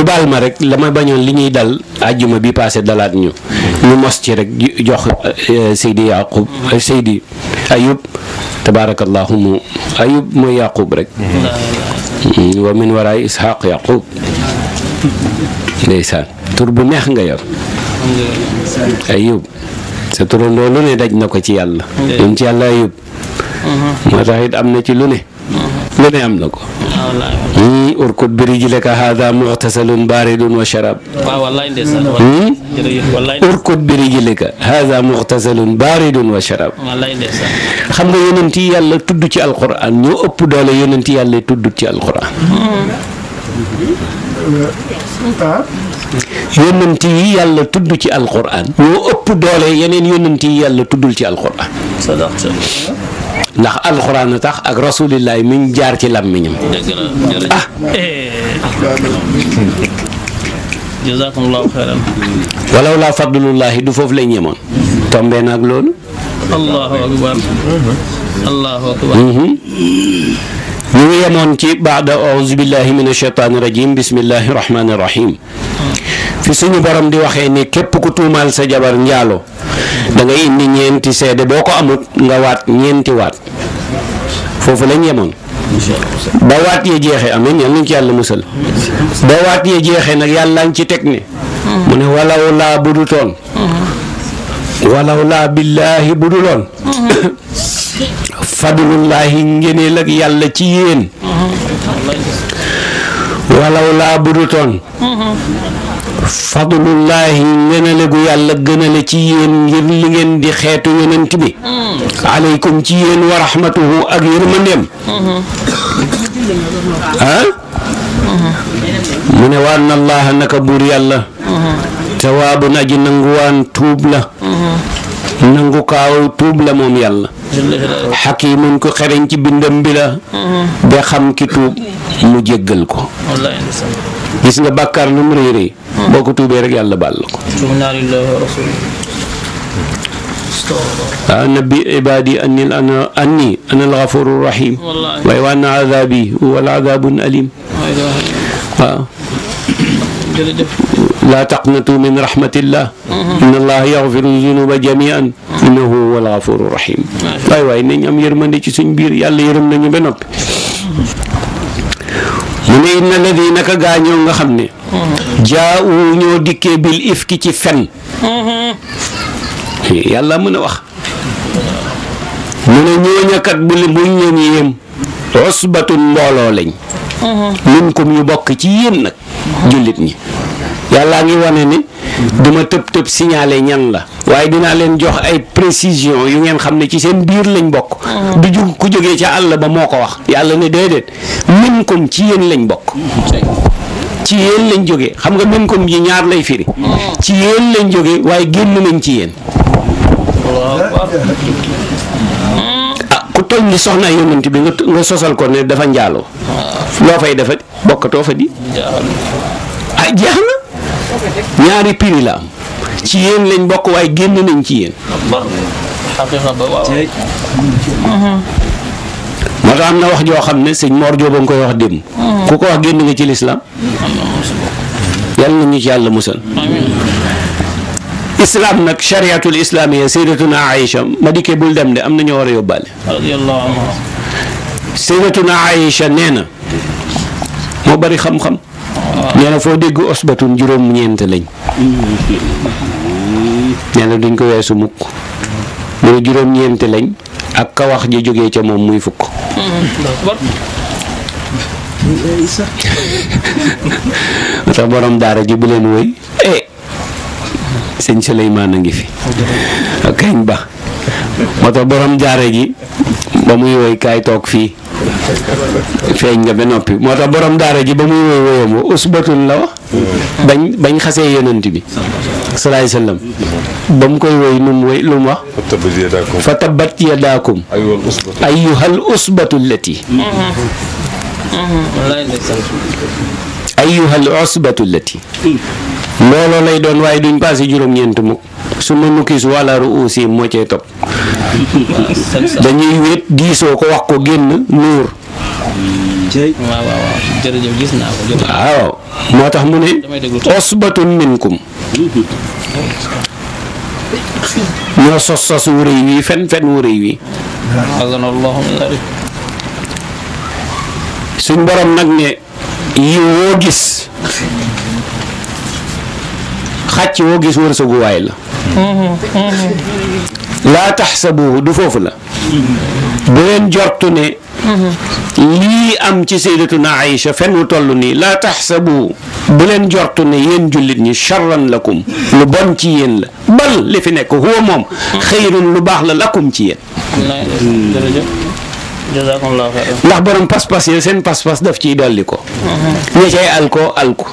ñu baal ma rek la ma bañoon li ñuy dal àjjuma bi passé dalaat ñu ñu mos ci rek jox euh, Seydi Yaqub Seydi Ayub tabaarakallaahu mu Ayub mooy Yaqub rek mm-hmm. wa min waraay Ishaq Yaqub ndeysaan tur bu neex nga yor Ayub sa turandoo lu ne daj na ko ci yàlla ñun mm-hmm. ci yàlla Ayub mm-hmm. moo tax it am na ci lu ne lu ne am na ko ñii urkut birijlika haada muxtasalun baaridun wa sharab hmm? urkut birijlika haada muxtasalun baaridun wa sharab xam nga yonent yi yàlla tudd ci alquran ñoo ëpp doole yonent yi yàlla tudd ci alquran yonent yi yàlla tudd ci alquran ñoo ëpp doole yeneen yonent yi yàlla tuddul ci alquran ndax alxuraan tax ak rasulillahi miñ jaar ci làmmiñam ah jazakumullahu xayran walaw laa fadlullahi du foofu lay ñemoon tombee naag loolu allahu akbar allahu akbar mhm. ñu ngi yemoon ci baada auzu billahi min ashaytaani rajim bismillahi rahmaani rahim hmm. fi suñu borom di waxee ne képp ku tuumaal sa jabar njaalo da ngay indi ñeenti seede boo ko amut nga waat ñeenti waat foofu lañ yemoon ba waat yee jeexee amee ñaan nañ ci yàlla musal ba waat yee jeexee nag yàlla ngi ci teg ne mu ne walaw laa budutoon walaw laa billaahi buduloon fadlullaahi ngeneel ak yàlla ci yéen walaw laa budutoon fadlullahi ngënale gu yàlla gënale ci yéen ngir li ngeen di xeetu yonent bi hmm. aleykum ci yéen wa rahmatuhu ak yërmandeem hmm. ah hmm. mu ne waan na allah naka buur yàlla tawaabun aji nanguwaan tuub la nangu tuub la moom yàlla xakiimun ko xereñ ci bindam bi la ba xam ki tuub mu jéggal ko gis nga bàkkaar lu mu réeré boo ko tuubee rek yàlla baal la ko ah, nabbi ibaadi anni ana anni ana alxafuru rahim waaye wa anna azabi wal azabun alim waaw laa taqnatu min rahmatillah mhm. inna allaha yaxfiru zunuba jamian mhm. innahu wal xafuru rahim waay waay nañ am yërmande ci suñ biir yàlla yërëm nañu ba noppi mhm. mu ne inna alladina ka gaañoo nga xam ne jaawu ñoo dikkee bil ki ci fen yàlla mën a wax mu ne ñooñakat bu li buñ leen yéem osbatun mbooloo lañ minkum yu bokk ci yéen nag jullit ñi yàllaa ngi wane ni duma tëb tëb signalé ñan la waaye dinaa leen jox ay précision yu ngeen xam ne ci seen biir lañ bokk du jug ku jóge ca àll ba moo ko wax yàlla ne déedéet minkum ci yéen lañ bokk ci yéen lañ jóge xam nga min kum ji ñaar lay firi ci yéen lañ jógee waaye génn nañ ci yéen ah ku tooñ li soxna yonent bi nga sosal ko ne dafa njaaloo loo fay defa bokkatoo fa di ah jeex na ñaari piri la am ci yéen lañ bokk waaye génn nañ ci yéen moo am na wax joo xam ne sëñ Mor Diop a koy wax démb. Hmm. ku ko wax génn nga ci lislaam yàlla na ñu yàlla musal. islam nag chariatul islamiya sayyidatuna Aïcha ma dikkee bul dem de am na ñoo war a yóbbaale. sayyidatuna Aïcha nee na moo bari xam-xam. Ah. nee na foo dégg osbatun juróom-ñeent lañ. Hmm. nee na duñ ko weesu mukk mu juróom-ñeent lañ. ak ka wax ji jógee ca moom muy fukk tax borom daara ji bu leen woy eh sëñ Souleymane a ngi fi kañ ba moo tax borom daara ji ba muy woy kaay toog fii feeñ nga ba noppi moo tax borom daara ji ba muy woy woyam wa usbatun la wax bañ bañ xasee yonent bi salaay sallam ba mu koy woy nu mu woy lu mu wax. fa tabbat yadaakum ayyuhal usbatu lati looloo lay doon waaye duñ passé juróom-ñeent mu su ma nukkisu wala ruusi moo cee topp dañuy wéet diisoo ko wax ko génn nuur waaw waaw moo tax mu ne usbatun minkum mm-hmm. ñoo sos sos wu rëy wii fen fen wu wii suñ borom nag ne yiw woo gis xàcc woo gis wërsëgu waay la mm-hmm. laa taxsabuhu du foofu la bu leen jortu lii am ci sayyidatuna Aïcha fenn wu toll nii laa taxsabu bu leen jortu ne yéen jullit ñi charran lakum lu bon ci yéen la bal li fi nekk huwa moom xayrun lu baax la lakum ci yéen ndax borom pas-pas yi seen pas-pas daf ciy dolli ko ña cay alko alko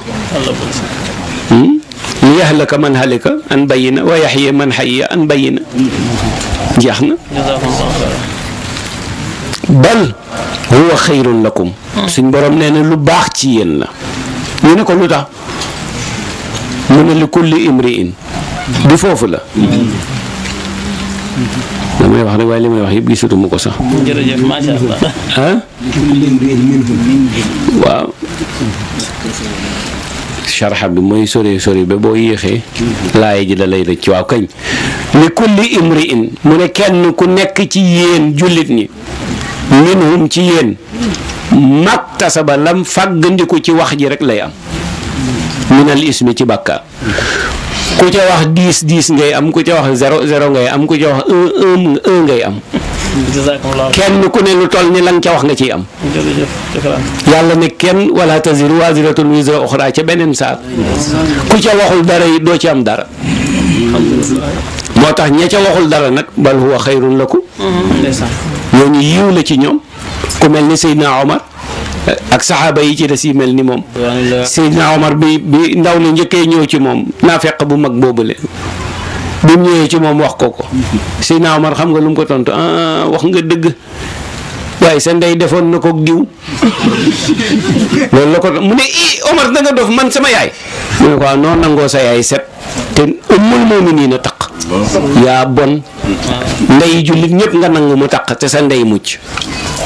hmm? li yahlaka man halaka an bayina wa yaxya man xayya an bayina jeex na bal huwa xayrun lakum suñ borom nee na lu baax ci yéen la ñu ne ko lu tax mu ne li kulli imriin du foofu la damay wax rek waaye li may wax yëpp gisatu mu ko sax. jërëjëf mooy sore sore ba boo yéexee. laay ji da lay rëcc waaw kañ. li kulli imriin mu ne kenn ku nekk ci yéen jullit ñi. minhum ci yéen maktasaba la fàggandiku ci wax ji rek lay am minal ismi ci bàkkaar ku ca wax dix dix ngay am ku ca wax zéro ngay am ku ca wax un un kenn ku ne lu toll ni lan ca wax nga ciy am yàlla ne kenn wala taziru waziratun wizra uxra ca beneen saar ku ca waxul dara yi doo ci am dara moo tax ña ca waxul dara nag bal huwa xayrun lakum ñooñu yiw la ci ñoom ku mel ni Seydina Omar eh, ak saxaaba yi ci des yi mel ni moom Seydina Omar bi bi ndaw li njëkkee ñëw ci moom naa feq bu mag boobule bi mu ñëwee ci moom wax ko ko Seydina Omar xam nga lu mu ko tontu ah wax nga dëgg waaye sa ndey defoon na ko diw loolu la ko mu ne i Omar da dof man sama yaay mu ne ko waaw ah, noo nangoo sa yaay set te ummul mu'miniina taq yaa bon ndeyi jullit ñëpp nga nangu mu taq te sa ndey mucc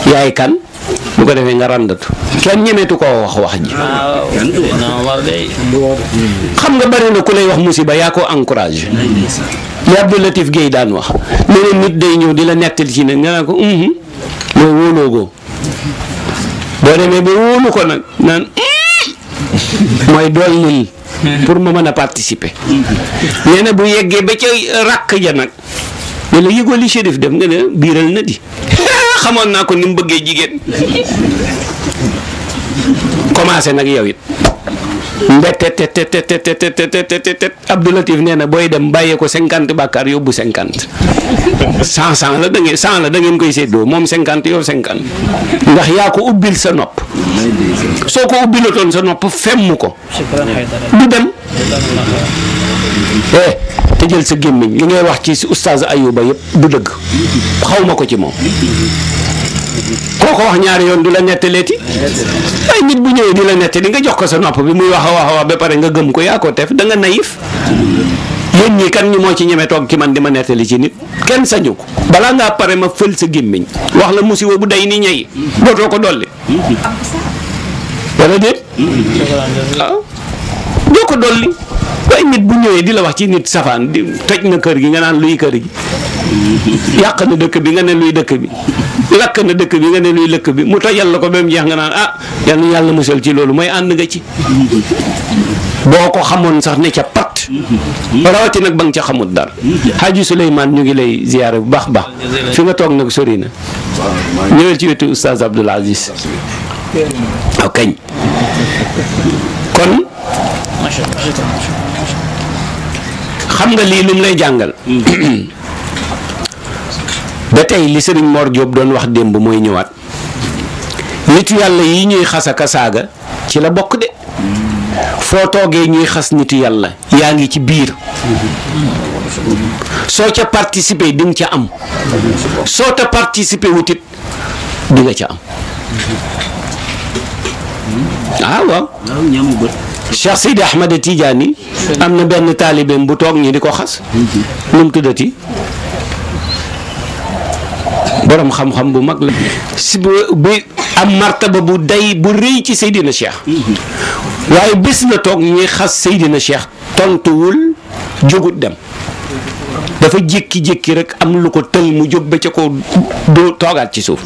yaay kan bu ko defee nga randatu kenn ñemeetu koo wax wax ji xam nga bari ku lay wax musiba yaa ko encouragé li Abdou Latif Guèye daan wax nee nit day ñëw di la nettali ci ne nga naa ko loolu uhm, wóoloo ko boo demee ba wóolu ko nag uhm, mooy dool nii pour ma mën a participer. nee na bu yeggee ba ca euh, rakk ja nag. ne la yëgoo li shérif def nga ne biiral na di xamoon naa ko ni mu bëggee jigéen commencé nag yow it. mbetetetetetetetetetetet Abdoulatif nee na booy dem bàyyee ko cinquante bàkkaar yóbbu cinquante cent cent la da ngeen cent la da ngeen koy séddoo moom cinquante yow cinquante ndax yaa ko ubbil sa nopp soo ko ubbilatoon sa nopp femm ko du dem eh, te jël sa gémmiñ li ngay wax ci ustaz Ayuba yëpp du dëgg xaw ko ci moom koo ko wax ñaari yoon du la nettaleeti ay nit bu ñëwee di la nettali nga jox ko sa nopp bi muy wax a wax a wax ba pare nga gëm ko yaa ko tef da nga naïf yéen kan ñi moo ci ñeme toog ki man di ma nettali ci nit kenn sañu ko balaa ngaa pare ma fël sa gémmiñ wax la musiba bu day ni ñey dootoo ko dolli wala déet waaw doo ko dolli waaye nit bu ñëwee di la wax ci nit safaan di toj na kër gi nga naan luy kër gi yàq na dëkk bi nga ne luy dëkk bi lakk na dëkk bi nga ne luy lëkk bi mu tojal la ko ba jeex nga naan a ah, yal na yàlla musal ci loolu mooy ànd nga ci boo ko xamoon sax ne ca pat rawati nag ba nga ca xamut dara Haji Souleymane ñu ngi lay ziyaare bu baax baax fi nga toog nag sori na ñëwel ci wetu Oustaz Abdoul Aziz kañ kon xam nga lii lu lay jàngal ba tey li sëriñ Mor Diop doon wax démb mooy ñëwaat nitu yàlla yi ñuy xas ak saaga ci la bokk de foo toogee ñuy xas nitu yàlla yaa ngi ci biir soo ca participer di nga ca am soo ta participer wutit di nga ca am hmm. ah waaw. Cheikh Seydi Ahmad Tidiane am na benn taalibeem bu toog ñi di ko xas nu mu tuddati borom xam-xam bu mag la si bi am martaba bu day bu rëy ci Seydina Cheikh waaye bés na toog ñuy xas Seydina Cheikh tontuwul jógut dem dafa jékki-jékki rek am lu ko tël mu jóg ba ca ko doo toogaat ci suuf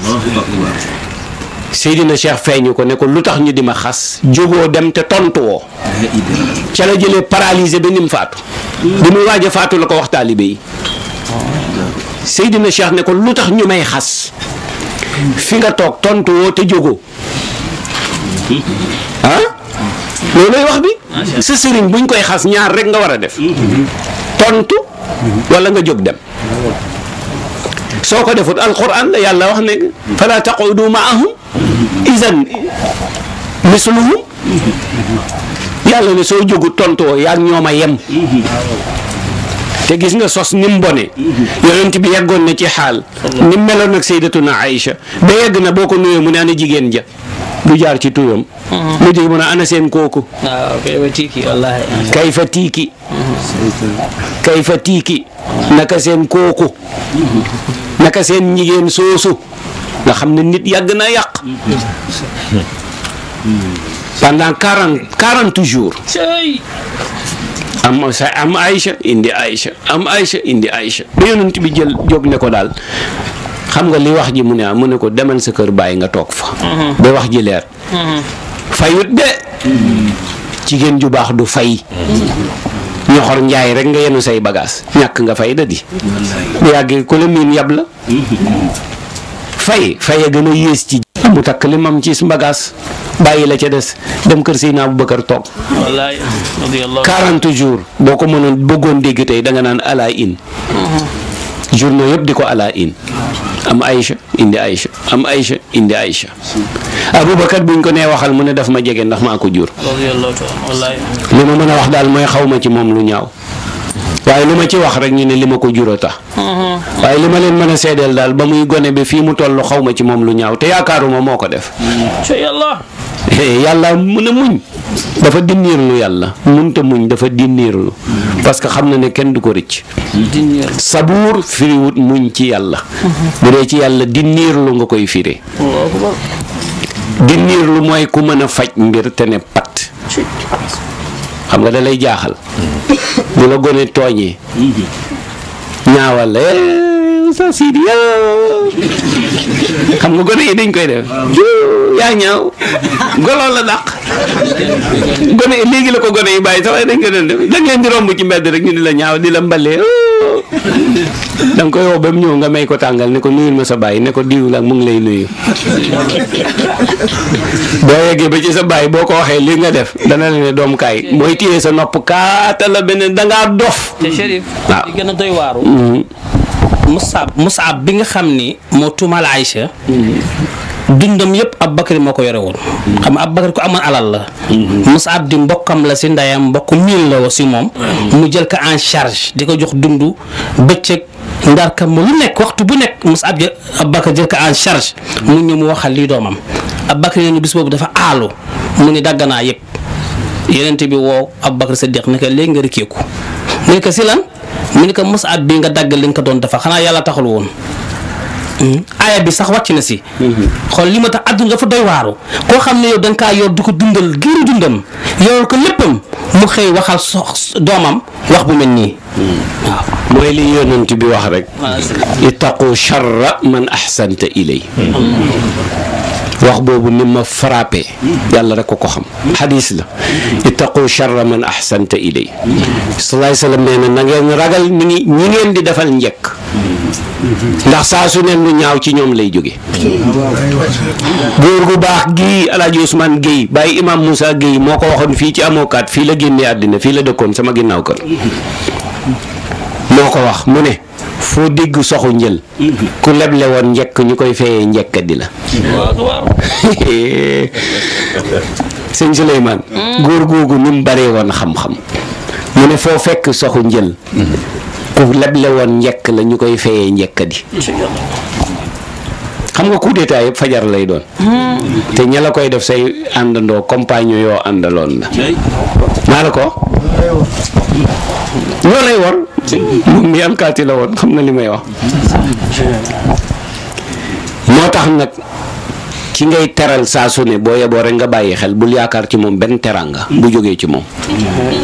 Seydina Cheikh feeñu ko ne ko lu tax ñu di ma xas jógoo dem te tontu woo ca la jëlee paralysé ba nim faatu bi mu waaj a faatu la ko wax taalibe yi Seydina Cheikh ne ko lu tax ñu may xas fi nga toog tontu woo te jógoo ah loolooy wax bi sa sëriñ buñ koy xas ñaar rek nga war a def tontu wala nga jóg dem soo ko defut alquran la yàlla wax ne fala taqudu maahum isan misluhum yàlla ne soo jógu tontoo yaa ñoom a yem te gis nga sos ni mu bone yonent bi yeggoon na ci xaal ni meloon ak sayyidatuna Aïcha ba yegg na boo ko nuyoo mu ne ana jigéen ja bu jaar ci tuyam. Mm-hmm. mu jóg mu ne ana seen kooku. waaw ah, kay fa tiiki wallaahi. Mm-hmm. Mm-hmm. naka seen kooku. naka seen ñigéen soosu. nga xam ne nit yàgg na yàq. pendant quarante quarante jours. am sa am Aïcha indi Aïcha am Aïcha indi Aïcha ba yonent bi jël jóg ne ko daal xam nga li wax ji mu ne ah mu ne ko demal sa kër bàyyi nga toog fa. Mhm. ba wax ji leer. Mhm. fayut de. jigéen ju baax du fay. Mhm. ñoxor njaay rek nga yenu say bagaas ñàkk nga fay da di. bu yàggee ku la miin yab la. fay fay a gën a yées ci. mu takk li mam ci bagaas bàyyi la ca des dem kër Seydina Abubakar toog. wallaay. 40 jours boo ko mënoon bëggoon dégg tey danga nga naan ala in. journaux yëpp di ko ala in. am Aïcha indi Aïcha am Aïcha indi Aïcha Aboubacar buñ ko nee waxal mu ne daf ma jege ndax maa ko jur li ma mën a wax daal mooy xaw ma ci moom lu ñaaw waaye lu ma ci wax rek ñu ne li ma ko juró tax waaye li ma leen mën a seedeel daal ba muy gone bi fii mu toll xaw ma ci moom lu ñaaw te yaakaaruma moo ko def Eh, yàlla mën a muñ dafa dinniirlu yàlla munta muñ dafa dinniirlu parce que xam na ne kenn du ko rëcc sabuur firiwut muñ ci yàlla bu dee ci yàlla dinniirlu nga koy firi dinniirlu mooy ku mën a faj mbir te ne pat xam nga da lay jaaxal mm-hmm. bu la gone tooñee mm-hmm. ñaawal la eh, Moussa Sidiya xam nga gone yi dañ koy def yaa ñaaw golo la dàq gone yi léegi la ko gone yi bàyyi sax waaye dañ koy def da ngeen di romb ci mbedd rek di la ñaaw di la koy woo ba mu ñëw nga may ko tàngal ne ko nuyul ma sa bàyyi ne ko diw la mu ngi lay nuyu boo yeggee ba ci sa baay boo ko waxee lii nga def dana la ne doom mooy téye sa nopp kaata la beneen da dof. a doy Musab Musab bi nga xam ni moo tuumaal Aïcha dundam yëpp Abubakar moo ko yore woon xam nga Abubakar ko amoon alal la Musab mhm. di mbokkam la si ndeyam mbokk miin la si moom mhm. mu jël ko en charge di ko jox dund bëccëg ndar kam lu nekk waxtu bu nekk Musab jël Abubakar jël ko en charge mhm. mu ñëw mu waxal lii doomam Abubakar nee na bis boobu dafa aalu mu ni dagganaa yëpp yenente bi woo Abubakar Siddiq ne ko léegi nga rikkeeku ne ko si lan mu ne ko musaab bi nga dagg li nga ko doon dafa xanaa yàlla taxul woon hmm? aaya bi sax wàcc na si hmm. xool li ma tax àdduna dafa doy waaru koo xam ne yow da nga yor di ko dundal géeru dundam yor ko léppam mu xëy waxal sox doomam wax bu mel nii hmm. mooy li yonent bi wax rek ittaqu sharra man ahsanta ilay wax boobu ni ma frappé yàlla rek ko ko xam xadis la ittaqu charra man ahsanta ilay salaay salaam nee na na nangeen ragal ni ngi ñi ngeen di defal njëkk ndax saa su ne lu ñaaw ci ñoom lay jóge góor gu baax gii alaaji Ousmane géey bàyyi imam musaa géey moo ko waxoon fii ci amoo kaat fii la génnee àddina fii la dëkkoon sama ginnaaw kër moo ko wax mu ne foo dégg soxu njël mhm. ku leble woon njëkk ñu koy feyee njëkk di la sëñ Souleymane mm. góor googu ni mu bare woon xam-xam mu ne foo fekk soxu njël mm-hmm. ku leble woon njëkk la ñu koy feyee njëkk di xam nga coup d'état yëpp fajar lay doon. te ña koy def say àndandoo compagnon yoo àndaloon la. maa la ko. ñoo war. moom mi alkaati la woon xam na li may wax. Mm-hmm. moo tax nag. ki ngay teral saa su ne boo yeboo rek nga bàyyi xel bul yaakaar ci moom benn teranga bu jógee ci moom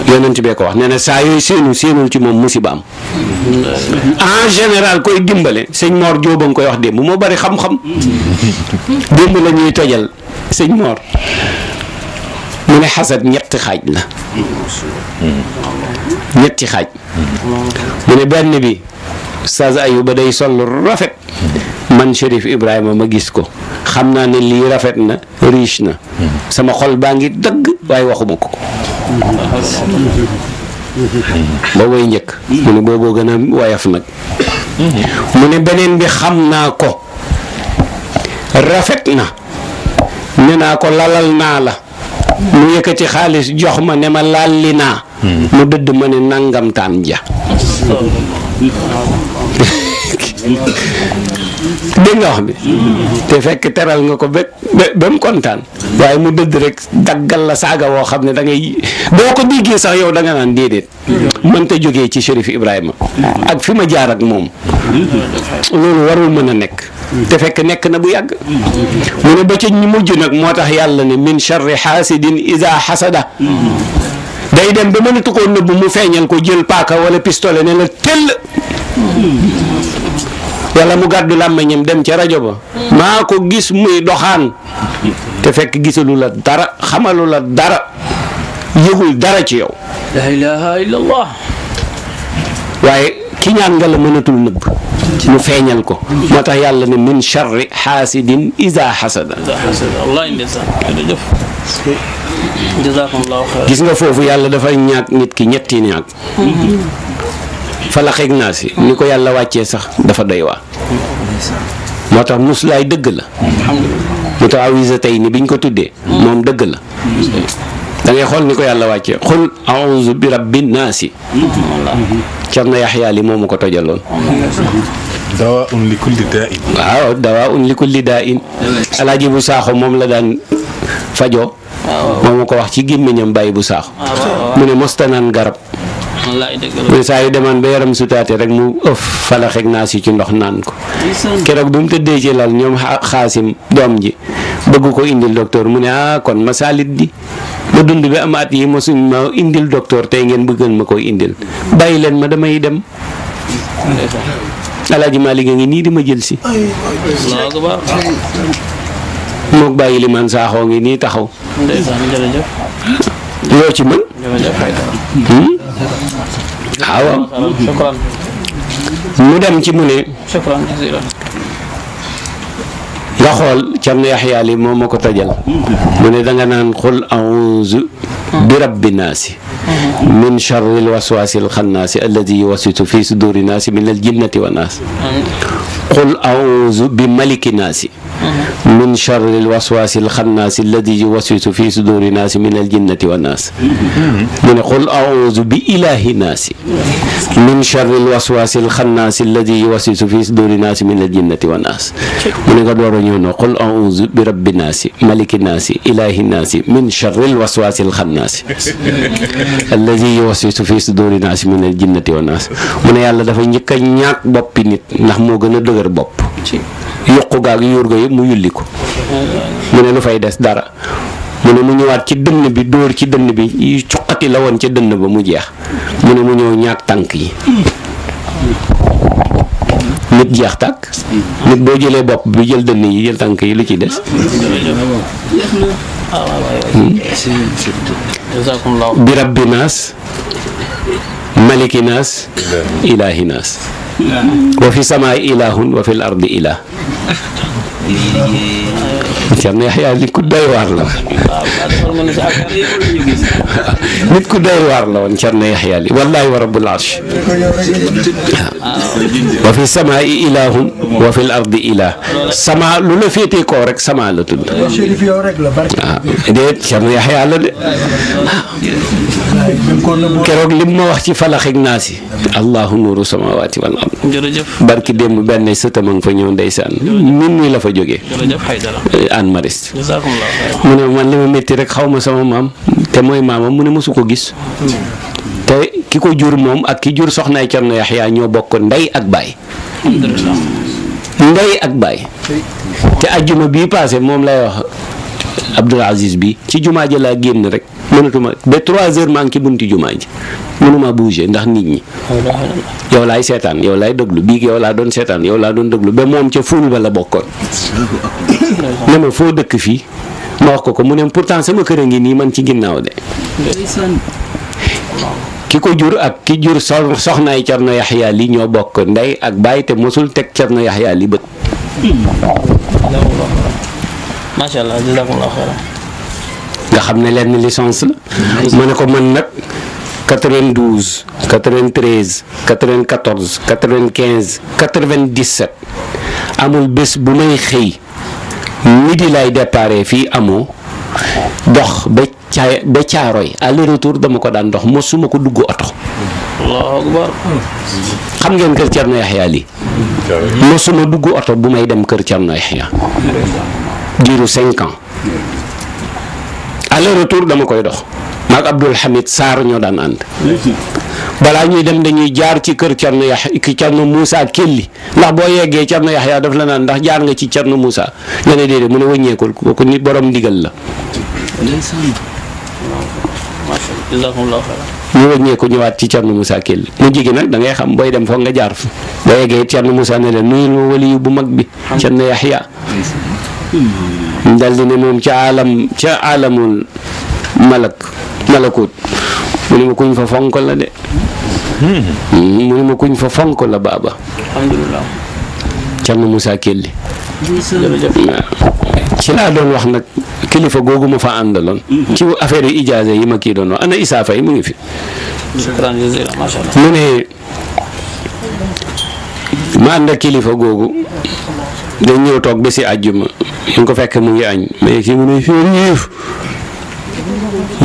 yonent bee ko wax nee na saa yooyu séenu séenul ci moom musiba am en général koy dimbale sëñ Mor Diop koy wax démb moo bari xam-xam démb la ñuy tojal sëñ Mor mu ne xasad ñetti xaaj la ñetti xaaj mu ne benn bi Oustaz Ayuba day sol rafet man Chérif Ibrahima ma gis ko xam naa ne lii rafet na riche na sama xol baa ngi dëgg waaye waxuma ko ba way njëkk mu ne booboo gën a wayaf nag mu ne beneen bi xam naa ko rafet na ne naa ko lalal naa la mu yëkkati xaalis jox ma ne ma laal li naa mu dëdd ma ne nangamtaan ja dégg nga wax bi te fekk teral nga ko ba ba mu kontaan waaye mu dëdd rek daggal la saaga woo xam ne da ngay boo ko déggee sax yow da nga naan déedéet mënta jógee ci Chérif Ibrahima ak fi ma jaar ak moom loolu warul mën a nekk te fekk nekk na bu yàgg mu ne ba ca mujj nag moo tax yàlla ne min charri xaasidin isa xasada day dem ba mënatu koo nëbb mu feeñal ko jël paaka wala pistolet ne la tëll wala mu gàddu làmmiñam dem ca rajo ba maa ko gis muy doxaan te fekk gisalu la dara xamalu la dara yëgul dara ci yow la ilaha illallah waaye ki ñaan nga la mënatul nëbb mu feeñal ko moo tax yàlla ne min charri xaasidin isa xasada gis nga foofu yàlla dafay ñaag nit ki ñetti ñaag mm-hmm. falaq ak naas yi ni ko yàlla wàcce sax dafa doy waa moo tax muslaay dëgg la mu tax awisa tey ni biñ ko tuddee moom dëgg la dangay xool ni ko yàlla wàcce xul auzu bi rabbi naasi Cerno Yaxya li moomu ko tojaloon dawaa un li kulli daa in alaaji bu saaxo moom la daan fajoo moom ma ko wax ci gémmiñam bàyyi bu saaxo mu ne mosta garab saa yu demaan ba yaram sutaate rek mu ëf falaxeeg naa si ci ndox naan ko keroog bi mu tëddee ci lal ñoom xaasim doom ji bëgg ko indil docteur mu ne ah kon ma saalit di ba dund bi am at yi ma ma indil docteur tey ngeen bëggal ma koy indil bàyyi leen ma damay dem alaaji Maalik a ngi nii di ma jël si mook bàyyi li saaxoo ngi nii taxaw loo ci mën waaw mu dem ci mu ne nga xool Cerno Yaxya li moom ma ko tojal mu ne danga naan xul auzu bi rabbi naasi min charri l waswaasi l xannaasi alladi yuwasitu fi suduri naasi min al jinnati wa naas xul auzu bi maliki naasi min charri lwaswaasi lxannaasi alladi yuwaswisu fi suduri naasi min aljinnati wannaas hmm. mu ne qul audu bi ilahi naasi min charri lwaswaasi lxannaasi alladi yuwaswisu fi suduri naasi min aljinnati wannaas mu ne nga door a ñëw na qul audu bi rabbi naasi maliki naasi ilahi naasi min charri lwaswaasi lxannaasi hmm. alladi yuwaswisu fi suduri naasi min aljinnati wannaas mu ne yàlla dafa njëkk a ñaak boppi nit ndax moo gën a dëgër bopp yuqu gaag yuur ga yëpp mu yulli ko mu ne lu fay des dara mu ne mu ñëwaat ci dënn bi dóor ci dënn bi cuqati la woon ca dënn ba mu jeex mu ne mu ñëw ñaag tànk yi nit jeex tàkk nit boo jëlee bopp bi jël dënn yi jël tànk yi lu ci des hmm? hmm? bi rabbi naas maliki naas ilaahi naas wa fi samaay ilahun wa fil ardi ilah Cerno Yaxya nit ku doy waar la woon nit ku doy waar la woon Cerno Yaxya li wallaahi wa rabbul arsh wa fi samaai ilaahun wa fi l ardi ilaah sama lu la féetee koo rek sama la tudd waaw ah, déet Cerno Yaxya la de keroog lim ma wax ci falax ak naas yi allahu nuuru samawaati wal ard jërëjëf barki démb benn sëtam a ngi fa ñëw ndeysaan min nii la fa jógee an Maristes. mu ne man li ma metti rek xaw ma sama maam te mooy maamam mu ne mësu ko gis. te ki ko jur moom ak ki jur soxnaay Cerno Yaxya ñoo bokk ndey ak baay. ndey ak baay. te ajjuma bii paase moom lay wax Abdul Aziz bi ci jumaa ji laa génn rek. mënatuma ba 3 heures maa ngi ci bunti jumaa ji mënuma bouger ndax nit ñi. yow laay seetaan yow laay déglu bii yow laa doon seetaan yow laa doon déglu ba moom ca ful ba la bokkoon. ne ma foo dëkk fii ma wax ko ko mu ne pourtant sama kër a ngi nii man ci ginnaaw de. ki ko jur ak ki jur soxnaay Cerno Yaxya li ñoo bokk ndey ak bàyyi te mosul teg Cerno Yaxya li bët. nga xam ne lenn licence la ma ne ko man nag 92 93 94 95 97 amul bés bu may xëy midi lay déparé fii amoo dox ba ca ba caaroy aller retour dama ko daan dox mosuma ko dugg oto. allahu xam ngeen kër Thierno Yaxya lii. mosuma dugg oto bu may dem kër Thierno Yaxya diiru 5 ans. aller dama koy dox maag Abdoul Hamid saar ñoo daan ànd. balaa ñuy dem dañuy jaar ci kër Thierno Yaxya Thierno Moussa Kelli ndax boo yeggee Thierno Yaxya daf la naan ndax jaar nga ci Thierno Moussa nga ne déedéet mu ne wëññeekul kooku nit borom ndigal la. ñu wëññeeku ñëwaat ci Thierno Moussa Kelli mu jigi nag da ngay xam booy dem foog nga jaar fa boo yeggee Thierno Moussa ne nuyul ma waliyu bu mag bi Thierno Yaxya dal di ne moom ca aalam malakut mu ne ma kuñ fa fonk la de hmm. mu ne ma kuñ fa fonk la baaba alhamdulilah Cerno Moussa Kelli ci laa doon wax nag kilifa googu ma fa àndaloon hmm. ci affaire yu yi ma kii doon ana Issa Faye mu ngi fi mu ne ma ànd kilifa googu dañ ñëw toog ba si àjjuma ñu ngi ko fekk mu ngi añ mais kii mu ne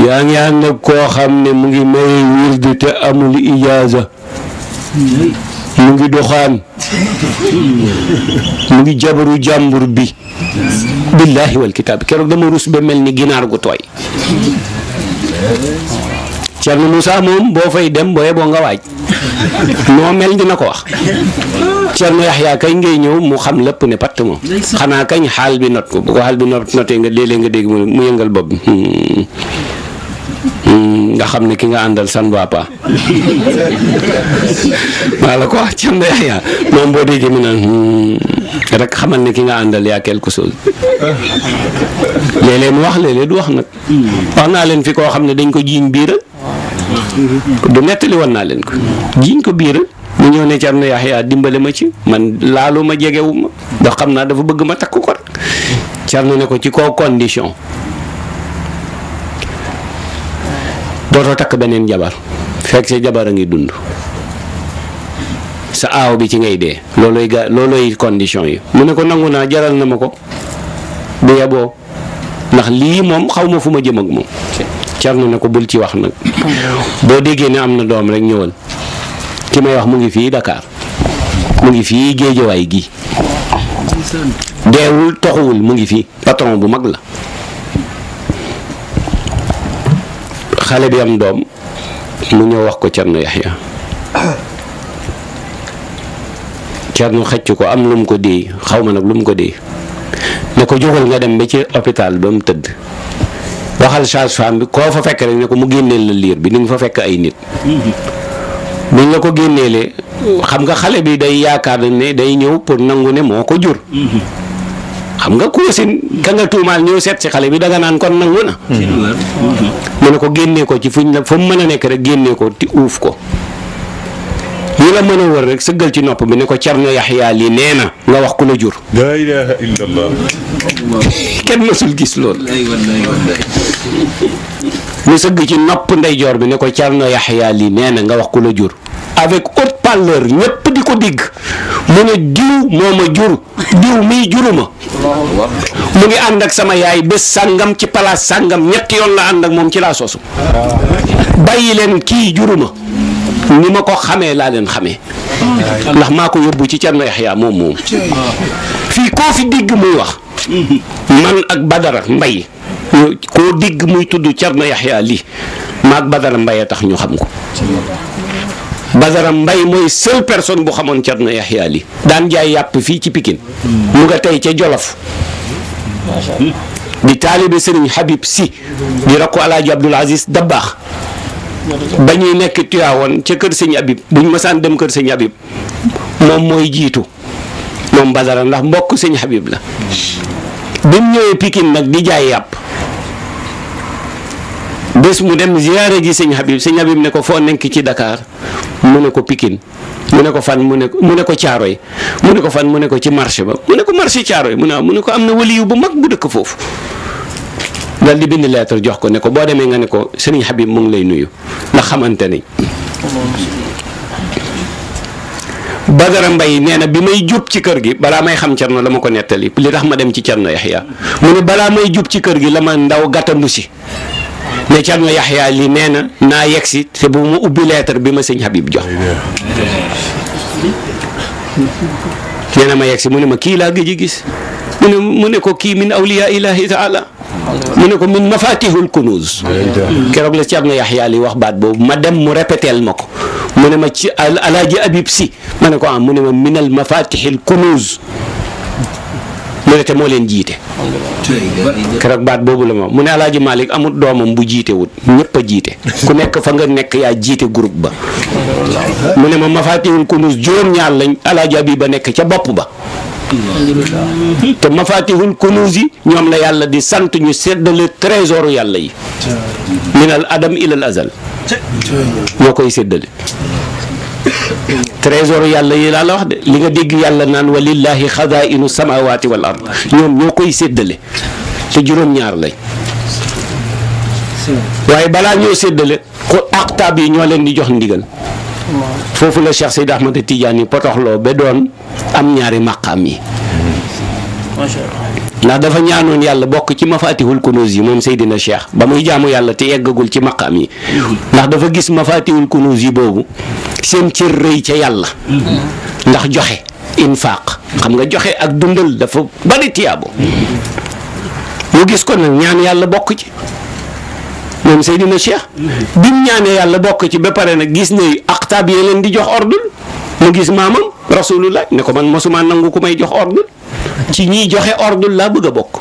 yaa ngi ànd ak koo xam ne mu ngi maye wird te amul ijaaza mu ngi doxaan mu ngi jabaru jàmbur bi billaahi wal kitaab keroog dama rus ba mel ni ginaar gu tooy Cerno Moussa moom boo fay dem booyee boo nga waaj noo mel dina ko wax Thierno Yaxya kay ngay ñëw mu xam lépp ne patt moom xanaa kañ xaal bi not ko bu ko xaal bi notee nga léeg nga dégg mu yëngal bopp hmm. nga xam ne ki nga àndal san bapa maa la ko wax Thierno Yaxya moom boo déggee mu naan hmm, rek xamal ne ki nga àndal yaa quelque chose léeg-léeg mu wax léeg-léeg du wax nag wax naa leen fi koo xam ne dañ ko jiiñ biira du nettali woon naa leen ko jiñ ko biir mu ñëw ne Cerno Yaxya dimbale ma ci man laalu ma jegewu ma ndax xam naa dafa bëgg ma takk ko rek Cerno ne ko ci kaw condition dootoo takk beneen jabar fekk sa jabar a ngi dund sa aw bi ci ngay dee loolooy ga loolooy condition yi mu ne ko nangu naa jaral na ma ko bu yeboo ndax lii moom xaw ma fu ma jëm ak moom Cerno ne ko bul ci wax nag boo déggee ne am na doom rek ñëwal ki may wax mu ngi fii dakaar mu ngi fii géejawaay gi deewul toxuwul mu ngi fii patron bu mag la xale bi am doom mu ñëw wax ko Cerno Yaxya Cerno xëcc ko am lu mu ko déey xaw ma nag lu mu ko déey ne ko jógal nga dem ba ci hôpital ba mu tëdd waxal sage-femme bi koo fa fekk rek ne ko mu génneel la liir bi nu nga fa fekk ay nit. buñ la ko génneelee xam nga xale bi day yaakaar ne day ñëw pour nangu ne moo ko jur. xam nga ku wasin ka nga tuumaal ñëw seet si xale bi danga naan kon nangu na. mu ne ko génnee ko ci fuñ ne fa mu mën a nekk rek génnee ko ti uuf ko. li la mën a wër rek sëggal ci nopp bi ni ko Cerno Yaxya lii nee na nga wax ku la jur. laa ilaaha illallah. kenn gis loolu. mu sëgg ci nopp ndeyjoor bi ne ko Cerno Yaxya lii nee na nga wax ku la jur. avec haut-parleur ñëpp di ko digg mu ne diw moo ma jur diw mii juruma mu ngi ànd ak sama yaay bés sàngam ci palaas sàngam ñetti yoon la ànd ak moom ci laa sosu bàyyi leen kii juruma ni ma ko xamee laaleen leen xamee ndax maa ko yóbbu ci Cerno Yaxya moom moom fii koo fi dégg muy wax man ak Badara Mbay ko dégg muy tudd Cerno Yaxya li maa Badara Mbay a tax ñu xam ko Badara Mbay mooy seule personne bu xamoon Cerno Yaxya li daan jaay yàpp fii ci pikin mu nga tey ca Jolof di taalibe Sëriñ Habib Si di rakku Alaaji Abdul Dabbaax ba ñuy nekk tuyaawoon ca kër sëñ Abib buñ ñu mësaan dem kër sëñ Abib moom mooy jiitu moom Badara ndax mbokk sëñ Habib la bi mu ñëwee Pikine nag di jaay yàpp bés mu dem ziyaare gi sëñ Habib sëñ Habib ne ko foo nekk ci dakaar mu ne ko Pikine mu ne ko fan mu ne mu ne ko Caaroy mu ne ko fan mu ne ko ci marché ba mu ne ko caaro yi mu ne mu ne ko am na waliyu bu mag bu dëkk foofu. dal di bind lettre jox ko ne ko boo demee nga ne ko sëriñ Habib mu ngi lay nuyu ndax xamante ni Badara Mbay nee na bi may jub ci kër gi balaa may xam cerno la ma ko nettali li tax ma dem ci cerno Yaxya mu may jub ci kër gi la ma ndaw gàttandu si ne cerno Yaxya li nee na naa yegg si te bu ma ubbi lettre bi ma sëñ Habib jox nee ma yegg si mu ne ma kii laa gëj a gis mu ne mu ne ko kii min awliya ilahi taala mu ne ko min mafatihul kunuz keroog la Cerno Yaxya li wax baat boobu ma dem mu répéteel ma ko mu ne ma ci alaaji Abib Si ma ne ko ah mu ne ma minal mafatihil kunuz te moo leen jiite keroog baat boobu la ma mu ne alaaji Malick amul doomam bu jiite wut ñëpp a jiite ku nekk fa nga nekk yaa jiite groupe ba mu ne ma mafatihul kunuz juróom-ñaar lañ alaaji Abib ba nekk ca bopp ba te mafatihul kunuuzi ñoom la yàlla di sant ñu séddale trésoru yàlla yi minal adam ilal azal ñoo koy séddale trésor yàlla yi laa la wax de li nga dégg yàlla naan wa lillahi xadaa'inu samaawaati ñoom ñoo koy séddale te juróom-ñaar lañ waaye balaa ñoo séddale ko yi ñoo leen di jox ndigal foofu la Cheikh Seydi Ahmad tiijaan yi potoxloo ba doon am ñaari maqaam yi ndax dafa ñaanoon yàlla bokk ci mafaatihul kunuz yi moom Seydina Cheikh ba muy jaamu yàlla te yeggagul ci maqam yi ndax dafa gis mafaatihul kunuz yi boobu seen cër rëy ca yàlla ndax joxe infaaq xam nga joxe ak dundal dafa bari tiyaabo mu gis ko nag ñaan yàlla bokk ci ñoom Seydina Cheikh bi mu ñaanee yàlla bokk ci ba pare nag gis ne aqtaab yee leen di jox ordul mu gis maamam rasulullah ne ko man mosuma nangu ku may jox ordul ci ñiy joxe ordul laa bëgg a bokk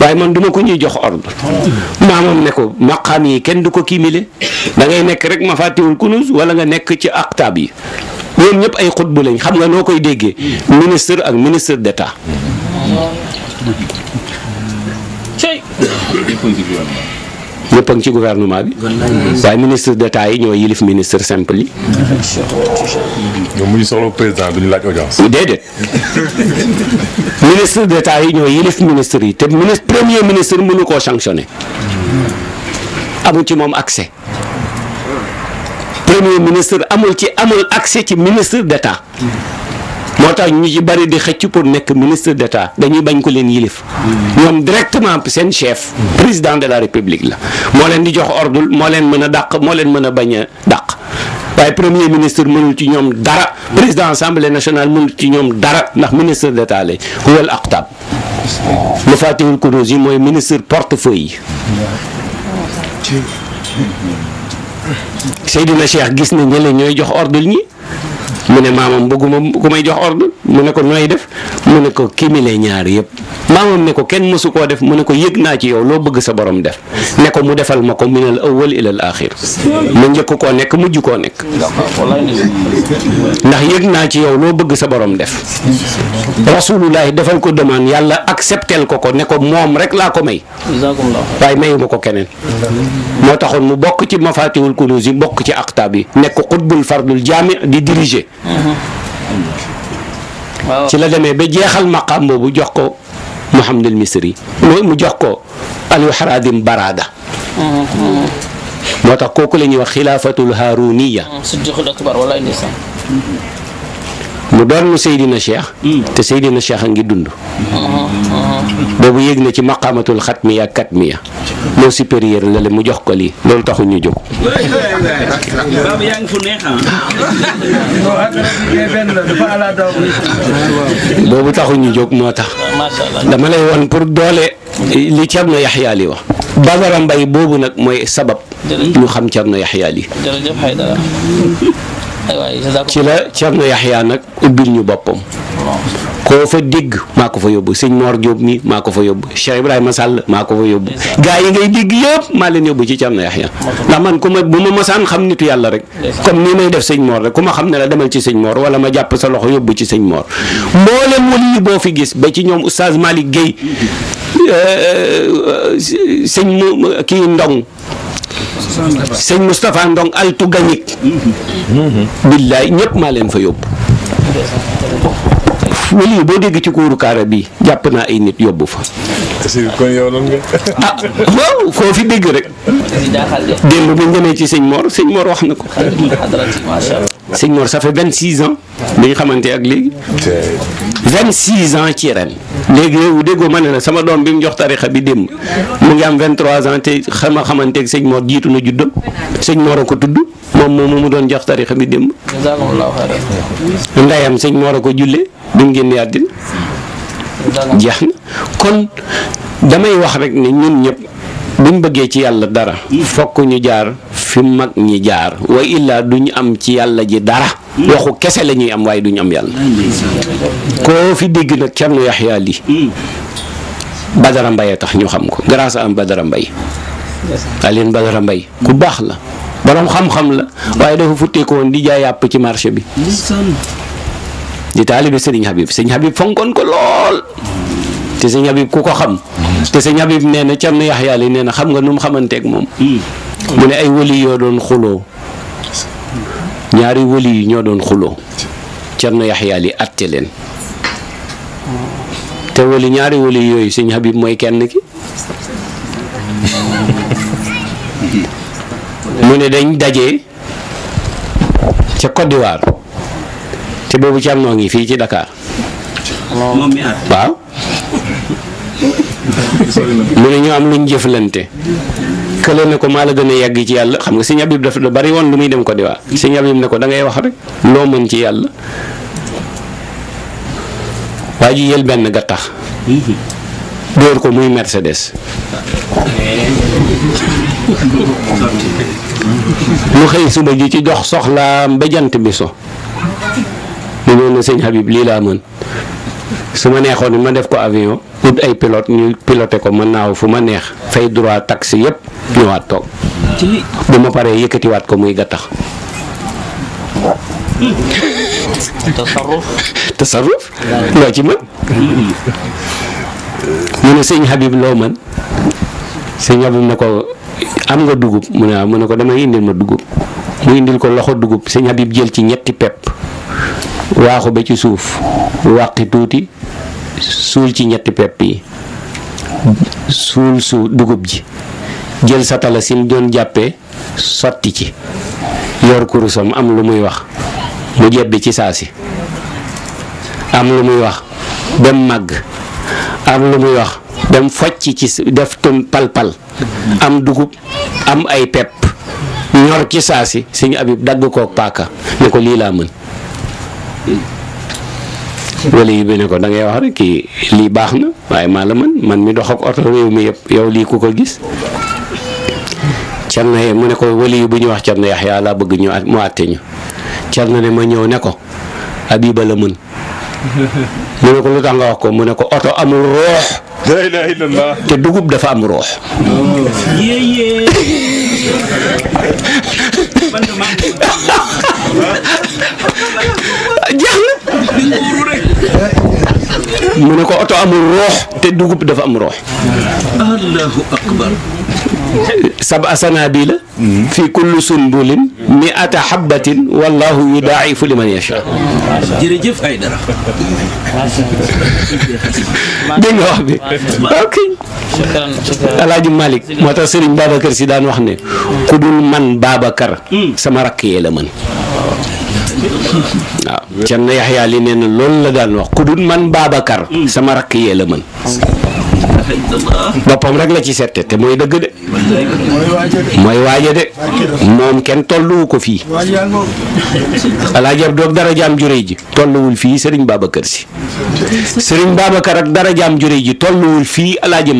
waaye man duma ko ñuy jox ordul maamam ne ko maqaam yi kenn du ko kimile da ngay nekk rek ma fàttewul kunus wala nga nekk ci aqtaab yi ñoom ñëpp ay xutbu lañ xam nga noo koy déggee ministre ak ministre d'état ñëpp a ngi ci gouvernement bi. waaye ministre d'état yi ñoo yilif ministre simple yi. ñoom bu président du ñu laaj audience. déedéet ministre d'état yi ñoo yilif ministre yi te ministre premier ministre mënu koo sanctionné. amul ci moom accès. premier ministre amul ci amul accès ci ministre d'état. moo tax ñu ci bari di xëcc pour nekk ministre d'État dañuy bañ ko leen yilif ñoom directement seen chef président de la république la moo leen di jox ordre moo leen mën a dàq moo leen mën a bañ a dàq waaye premier ministre mënul ci ñoom dara président assemblée nationale mënul ci ñoom dara ndax ministre d'État la huwal aqtab lu faatihul kuduus yi mooy ministre portefeuille Seydina Cheikh gis na ñële ñooy jox ordre ñi mu ne maamam bëgguma ku may jox ordre mu ne ko nooy def mu ne ko kimile ñaar yëpp maamam ne ko kenn mësu koo def mu ne ko yëg naa ci yow loo bëgg sa borom def ne mu defal ma ko minal awwal ilal axir mu njëkk koo nekk mujj koo nekk ndax naa ci yow loo bëgg sa borom def rasulullah defal ko demande yàlla acceptel ko ko ne ko moom rek laa ko may waaye mayuma ko keneen moo taxoon mu bokk ci ma mafatihul kunuus yi bokk ci aqtaab yi nekk xutbul fardul jaami di diriger ci la demee ba jeexal maqaam boobu jox ko Muhammad al Misri mu jox ko Aliou Haradim Barada. Mm-hmm. moo tax kooku la ñuy wax xilaafatul Haaruniya. Mm-hmm. Siddiqul Akbar wala mu doon mu Seydina Cheikh. Hmm. te Seydina Cheikh a ngi dund. boobu yéeg na ci maqaamatul xatmiya katmiya moo supérieur la le mu jox ko lii loolu taxu ñu jóg. baba ah. boobu taxu ñu jóg moo tax. dama lay woon pour doole li Thierno Yaxya li wax. Badara Mbaye boobu nag mooy sabab. ñu xam Thierno Yaxya li. ci la Cerno Yaxya nag ubbil ñu boppam koo fa dégg maa ko fa yóbbu sëñ Mor Diop mi maa ko fa yóbbu Cheikh Ibrahima Sall maa ko fa yóbbu gaa yi ngay dégg yëpp maa leen yóbbu ci Cerno Yaxya ndax man ku ma bu ma mosaan xam nit yàlla rek comme nii may def sëñ Mor rek ku ma xam ne la demal ci sëñ Mor wala ma jàpp sa loxo yóbbu ci sëñ Mor mboolem wali yi boo fi gis ba ci ñoom Oustaz Malick Guèye euh, euh, sëñ kii Ndong sëñ Moustapha Ndong altu gañik billaay ñëpp maa leen fa yóbbu wala boo dégg ci kóoru kaara bi jàpp naa ay nit yóbbu fa. ah waaw dégg rek. démb bu ñu ci sëñ Mor sëñ Mor wax na ko. sëñ Mor ça fait vingt six ans. bi xamante ak léegi. vingt six ans ci ren. léegi yow déggoo ma ne na sama doom bi mu jox tarixa bi démb mu ngi am 23 ans te xama xamanteeg sëñ Mor jiitu na juddam sëñ Mor a ko tudd moom moom mu doon jox tarixa bi démb. ndeyam sëñ Mor a ko julle bi mu génnee jeex na kon damay wax rek ne ñun ñëpp duñ bëggee ci yàlla dara fokk ñu jaar fi mag ñi jaar wa illa duñu am ci yàlla ji dara. Hmm. waxu kese la ñuy am waaye duñu am yàlla hmm. koo fi dégg nag Cerno Yaxya hmm. Badara Mbaye tax ñu xam ko grâce am Badara mbay Aline Badara mbay ku baax la boroom xam-xam la waaye dafa futteeku woon di jaay yàpp ci marché bi di taalibe Sëriñ Habib Sëriñ Habib fonkoon ko lool te Sëriñ Habib ku ko xam te Sëriñ Habib nee na Cerno Yaxya li nee na xam nga nu mu xamanteeg moom mu ne ay wali yoo doon xuloo ñaari wëli yi ñoo doon xuloo Cerno Yaxya li atte leen te wëli ñaari wëli yooyu sëñ Habib mooy kenn ki mu ne dañ daje ca Côte te boobu Cerno ngi fii ci Dakar waaw mu ne ñu am luñ jëflante dikkale ne ko maa la gën a yàgg ci yàlla xam nga sëñ Habib daf bari woon lu muy dem ko di waa sëñ Habib ne ko da wax rek loo mën ci yàlla waa ji yël benn gattax dóor ko muy Mercedes mu xëy suba ji ci jox soxlaam ba jant bi so mu ñëw na sëñ lii laa mën su ma neexoon ma def ko avion ut ay pilote ñu piloté ko mën naaw fu ma neex fay droit taxi yëpp ñëwaat toog bu ma paree yëkkatiwaat ko muy gattax tasarruf tasarruf loo ci mën mu ne sëñ Habib loo mën sëñ Habib ne ko am nga dugub mu ne mu ne ko damay indil ma dugub mu indil ko loxo dugub sëñ Habib jël ci ñetti pepp waaxu ba ci suuf wàqi tuuti suul ci ñetti pepp yi suul su dugub ji jël satala sim doon jàppe sotti ci yor kurusam am lu muy wax mu jebbi ci saa si am lu muy wax dem màgg am lu muy wax dem focc ci def tum palpal am dugub am ay pepp ñor ci saasi Sëñ Abib dagg kook paaka ne ko lii laa mën wala bi ne ko dangay ngay wax rek lii baax na waaye maa la man man mi dox ak oto réew mi yëpp yow lii ku ko gis car na mu ne ko wali bu ñu wax car na Yaxya laa bëgg ñu mu àtte ñu car na ne ma ñëw ne ko Abiba la mën mu ne ko lu tax nga wax ko mu ne ko oto amul roox te dugub dafa am roox oh. jeex mu ne ko oto amul roox te dugub dafa am roox. allahu akbar. sab asanaa bii la. fi kulli sunbulin. mi ata xabbatin wallahu yudaa'ifu liman yasha. jërëjëf ay dara. dégg nga wax bi. ok. Alaaji Malick moo tax Serigne Babacar si daan wax ne. ku dul man Babacar. Mm. sama rakk yee la man. waaw Cerno Yaxya li loolu la daan wax ku dul man Babacar sama rakk yee la mën boppam rek la ci sette te mooy dëgg de mooy waaja de moom kenn tolluwu ko fii alaajab doog dara jaam jure ji tolluwul fii sëriñ Babacar si sëriñ Babacar ak dara jaam jure ji tolluwul fii alaaji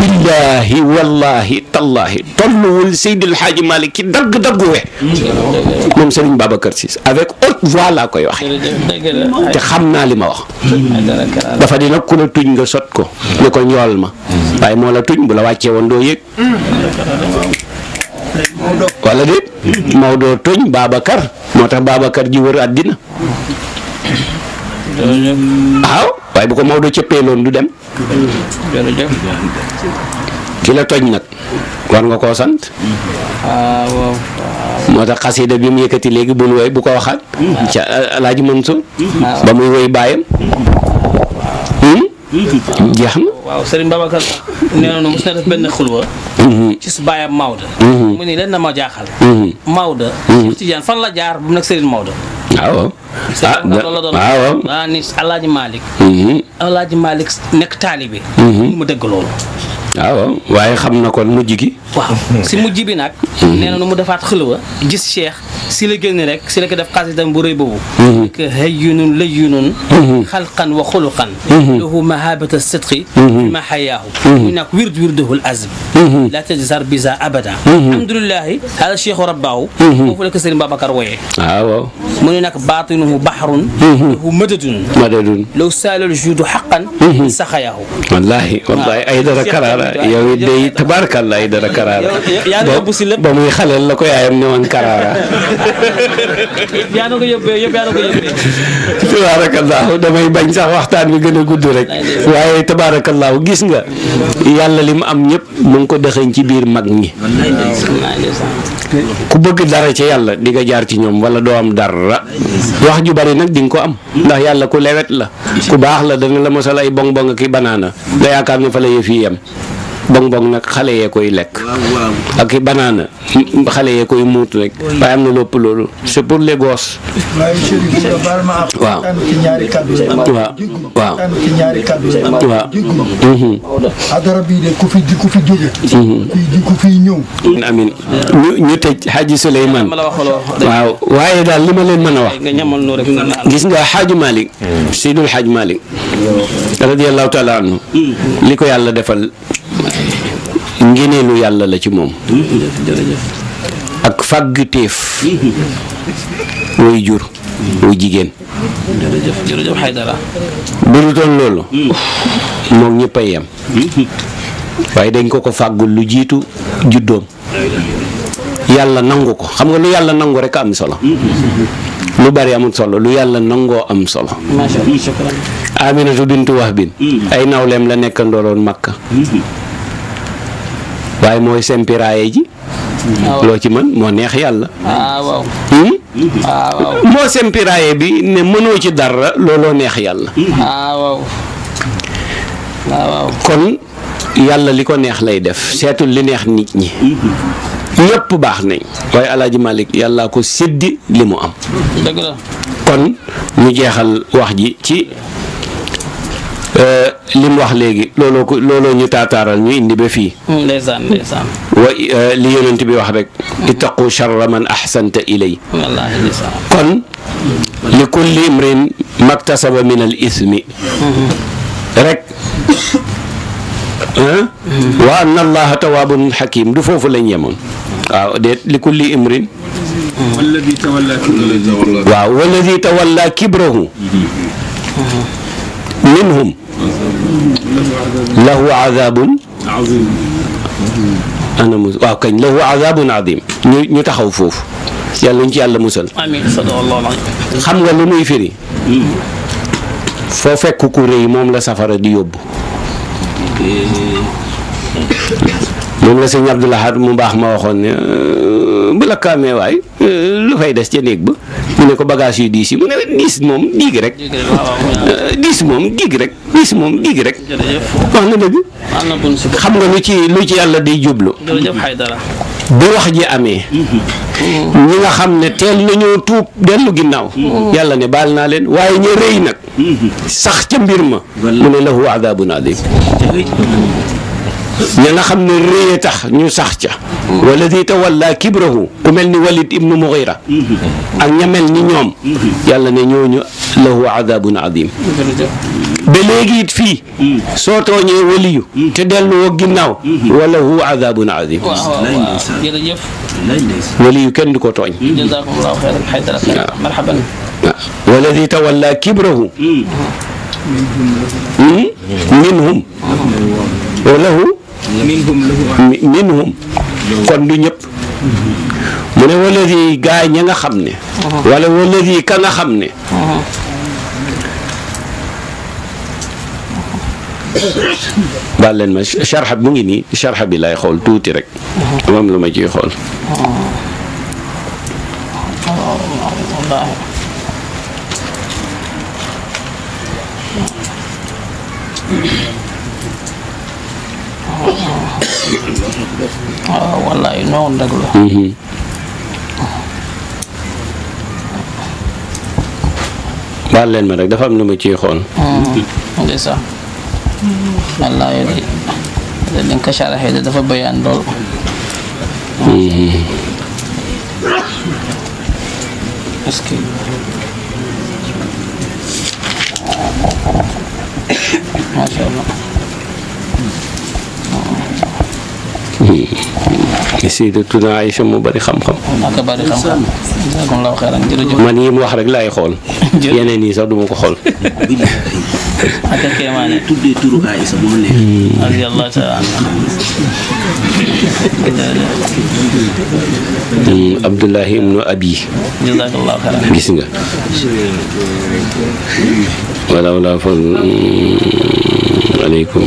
billaahi wallaahi tallaahi tolluwul Seydil Hadji Malick ki dagg daggu moom Serigne Babacar Cissé avec haute voix laa koy waxe te xam naa li ma wax dafa di nag ku la tuñ nga sot ko ne ko ñool ma waaye moo la tuñ bu la wàccee woon doo yëg wala déet Maodo tuñ Babacar moo tax Babacar ji wër àddina waaw waaye bu ko Maodo cëppee loon du dem ki la toj nag war nga koo sant. Ah, moo tax xasida bi mu yëkkati léegi bul woy bu ko waxaat. ca euh, Alaaji Mansour ah. ba muy woy baayam. la jaar ba mu nekk Serigne Maodo. Ah, hmm. hmm. mu dégg loolu. Ah, waaw waaye xam na kon mujj gi. waaw si mujj bi nag. Mhm. nee na nu mu defaat xëlwa gis Cheikh si la génn rek si la ko def xasidam bu rëy boobu. que mhm. hayyunun layyunun. Mhm. xalqan wa xuluqan. lahu mahabata sidqi. fi ma xayaahu. ñu nag wird wirdahul azim. la tajzar biza abada. alhamdulilahi ala cheikhu rabbaahu. foofu la ko Serigne Babacar wooyee. Ah, waaw mu ne nag baatinuhu baxrun. lahu madadun. madadun law saalal juudu xaqan. saxayaahu. wallaahi wallaahi ay dara karaar kara yow it day tabaarkalla ay dara ba muy xaleel la ko yaayam ne woon karaara. yaa damay bañ sax waxtaan bi gën a gudd rek. waaye tabaarakallahu gis nga. yàlla li mu am ñépp mu ko dëxëñ ci biir mag ñi. ku bëgg dara ci yàlla di nga jaar ci ñoom wala doo am dara wax ju bari nag di nga ko am ndax yàlla ku lewet la ku baax la dana la mosal ay bong bong ki banaana nga yaakaar ne fa la yëf yi yem bonbon nag xale yee koy lekk. ak banaana xale yee koy muut rek. waaye am na lépp loolu. c'est pour les gosses. waaw. waaw. Mhm. adara bii mhm. ñu tëj Hadji Souleymane. waaw waaye daal li ma leen mën a wax. gis nga Hadji Malick. Mm. Seydul Hadji Malick. radiyallahu taala anhu. Mm. li ko yàlla defal. ngeneelu yàlla la ci moom ak fàgguteef way jur way jigéen jërëjëf jërëjëf loolu moom ñëpp a yem waaye dañ ko ko fàggul lu jiitu juddoom yàlla nangu ko xam nga lu yàlla nangu rekk am solo lu bari amul solo lu yàlla nangoo am solo Aminatu bintu Wahbin mm. ay nawleem la nekk ndooloon Makka mm-hmm. waaye mooy sempiraaye ji. Ah, loo ci mën moo neex yàlla. Ah, hmm? ah, waaw moo sempiraaye bi ne mënoo ci dara looloo neex yàlla. waaw kon yàlla li ko neex lay def seetul li neex nit ñi. ñëpp baax nañ waaye alaaji Malick yàllaa ko séddi li mu am. dëgg kon ñu jeexal wax ji ci. Euh, lim wax léegi looloo ko ñu taataaral ñu indi ba fii. Mm, ndeysaan ndeysaan. wa eh, li yonent bi wax rek. ittaqu charra man ahsanta ilay. wallaahi ndeysaan. kon li kulli imrin maktasaba min al ismi. Mm-hmm. rek. Mm-hmm. wa anna allaha du foofu lañ yemoon. waaw déet li kulli imrin. walladi tawalla kibrahu waaw walladi lahu azabun ana mus waaw kañ lahu azabun azim ñu ñu taxaw foofu yàlla ñu ci yàlla musal xam nga lu muy firi hmm. foo fekk ku rëy moom la safara di yóbbu moom la sëñ Abdou mu baax ma waxoon ne bu la kaamee waay lu fay des ca néeg ba mu ne ko bagage yu diis yi mu ne la diis moom euh, diig rek. diis moom diig rek moom diig rek. na dëgg. xam nga lu ci lu ci yàlla day jublu. bi wax ji amee. Mm-hmm. ñi nga xam ne teel nañoo tuub dellu ginnaaw. Mm-hmm. yàlla ne baal naa leen waaye ñu rëy nag. Mm-hmm. sax ca mbir ma. mu ne lahu adabun adim ña nga xam ne réye tax ñu sax ca waladi tawalla kibrahu ku mel ni walid ibnu mughira ak ni ñoom yàlla ne ñooñu lahu adabun adim ba léegi fii soo tooñee waliyu te delluwoo ginnaaw wala hu adabun adim waliyu kenn du ko tooñ jazakumullahu xayran haydara marhaban waladi tawalla kibrahu hmm. Hmm? minhum walahu minhum kon du ñëpp mu ne wala yi gaay ña nga xam ne wala wala yi ka nga xam ne baal leen ma sharxa mu ngi nii sharxa bi lay xool tuuti rek moom lu ma ciy xool waaw ah, wallaay noonu rek la. Mm-hmm. baal leen ma rek dafa am lu ma ciy xool. Mm-hmm. ndeysaan. wallaay li li dafa bayaan lool. Mm-hmm. est-ce sayyidatuna Aïcha mu bari xam-xam. ak bari xam-xam. man yi mu wax rek laay xool. yeneen yi sax du ma ko xool. ak ak kéemaane. tuddee turu Aïcha bu mu neex. radiyallahu taala anha. Hmm, Abdullahi ibnu Abi. jazakallahu xayran. gis nga. wala wala fa hmm, aleykum.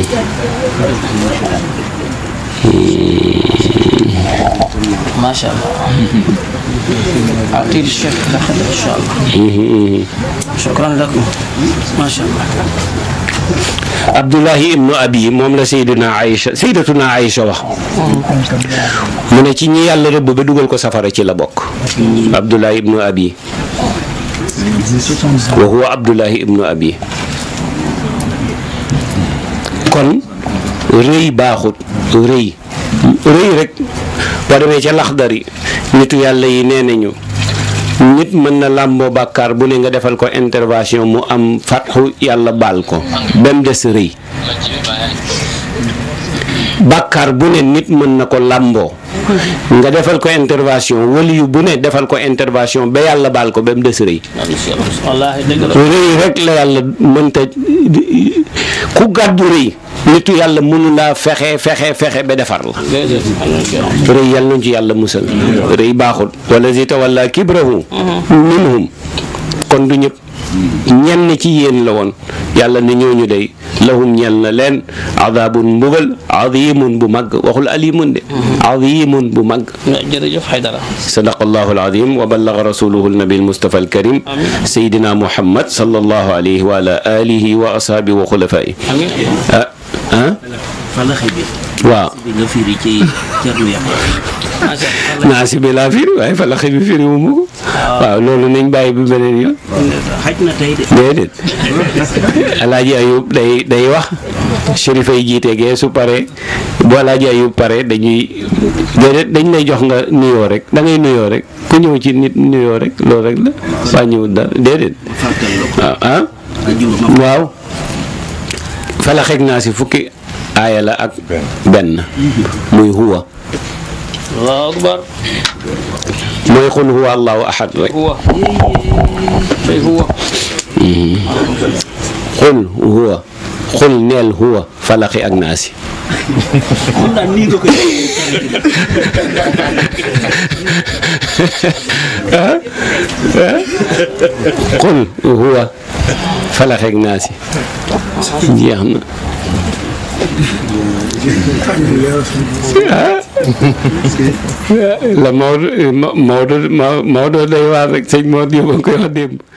macha allah أعطيه الشيخ دخل إن شاء الله شكرا لكم ما شاء الله Abdullahi ibnu Abi moom la Seydina Aïcha Seydatuna Aïcha wax mu ne ci ñi yàlla rëbb ba dugal ko safara ci la bokk Abdullahi ibnu Abi wa huwa Abdullahi ibnu Abi kon rëy baaxut rëy rëy rek boo demee ca laxdar yi nitu yàlla yi nee nañu nit mën na làmboo bàkkaar bu ne nga defal ko intervention mu am fatxu yàlla baal ko ba mu des rëy bàkkaar bu ne nit mën na ko làmboo nga defal ko intervention waliyu bu ne defal ko intervention ba yàlla baal ko ba mu des rëy rëy rek la yàlla mënta ku gàddu rëy nitu yàlla mënu laa fexe fexe fexe ba defar la. rëy yàlla nañ ci yàlla musal. rëy baaxul. wala zi tawalla kibrahu minhum kon du ñëpp. ñenn ci yéen la woon yàlla ne ñooñu day lahum ñel na leen adabun mbugal adimun bu mag waxul alimun de adimun bu mag jërëjëf Haydara sadaqallahu alazim wa ballaga rasuluhu alnabi almustafa alkarim sayidina muhammad sallallahu alayhi wa ala alihi wa ashabi wa xulafai ah. falaxe bi. waaw bi nga firi ci Thierno Yakhya. naasi bi laa firi waaye falaxe bi firi wu ma ko. waaw loolu nañ bàyyi bi beneen yoon. xaj na tey de. déedéet Alaaji Ayub day wax. Chérif ay jiite gee su paree bu Alaaji Ayub pare dañuy déedéet dañ lay jox nga nuyoo rek dangay nuyoo rek ku ñëw ci nit nuyoo rek loolu rek la. waa ñëwul dara déedéet. Ah, ah. waaw ah. waaw. fala xeeg naa si fukki aaya la ak benn muy huwa allahu akbar mooy xul huwa allahu ahad rek mm-hmm. xul huwa xul neel huwa falaxi ak naasi xul huwa falaxeeg naa si jeex na la Maodo Maodo Maodo day waar rek sëñ Maodo yóbbu nga koy wax démb